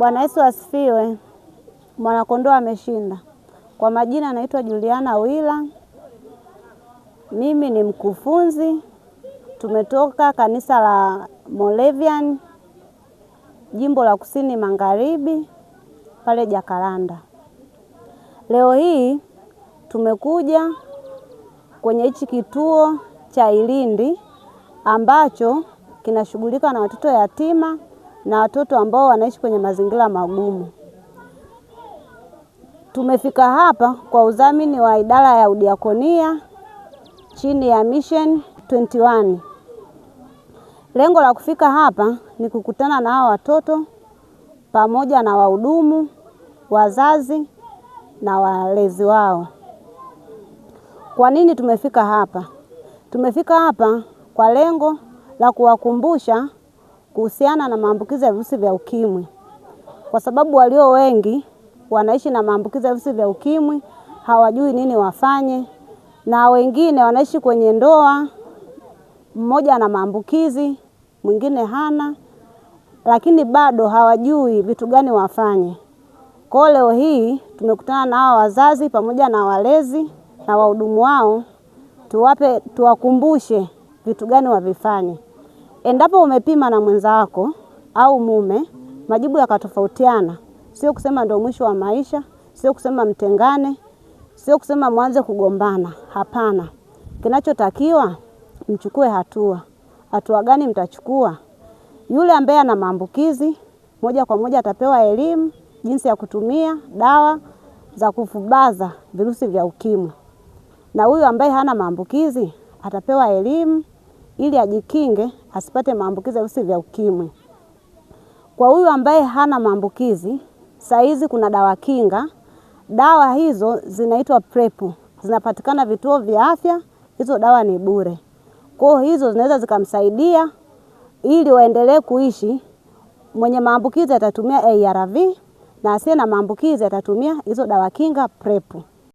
Bwana Yesu asifiwe. Mwanakondoo ameshinda. Kwa majina anaitwa Juliana Wila, mimi ni mkufunzi, tumetoka kanisa la Moravian jimbo la kusini magharibi pale Jakaranda. Leo hii tumekuja kwenye hichi kituo cha Ilindi ambacho kinashughulika na watoto yatima na watoto ambao wanaishi kwenye mazingira magumu. Tumefika hapa kwa udhamini wa idara ya udiakonia chini ya Mission 21. Lengo la kufika hapa ni kukutana na hao watoto pamoja na wahudumu, wazazi na walezi wao. Kwa nini tumefika hapa? Tumefika hapa kwa lengo la kuwakumbusha kuhusiana na maambukizi ya virusi vya ukimwi, kwa sababu walio wengi wanaishi na maambukizi ya virusi vya ukimwi, hawajui nini wafanye, na wengine wanaishi kwenye ndoa, mmoja ana maambukizi mwingine hana, lakini bado hawajui vitu gani wafanye. Kwa leo hii tumekutana na hawa wazazi pamoja na walezi na wahudumu wao, tuwape tuwakumbushe vitu gani wavifanye. Endapo umepima na mwenza wako au mume majibu yakatofautiana, sio kusema ndio mwisho wa maisha, sio kusema mtengane, sio kusema mwanze kugombana. Hapana, kinachotakiwa mchukue hatua. Hatua gani mtachukua? Yule ambaye ana maambukizi moja kwa moja atapewa elimu jinsi ya kutumia dawa za kufubaza virusi vya UKIMWI, na huyu ambaye hana maambukizi atapewa elimu ili ajikinge asipate maambukizi ya virusi vya ukimwi. Kwa huyu ambaye hana maambukizi, saa hizi kuna dawa kinga. Dawa hizo zinaitwa PrEP, zinapatikana vituo vya afya. Hizo dawa ni bure, kwa hiyo hizo zinaweza zikamsaidia ili waendelee kuishi. Mwenye maambukizi atatumia ARV na asiye na maambukizi atatumia hizo dawa kinga PrEP.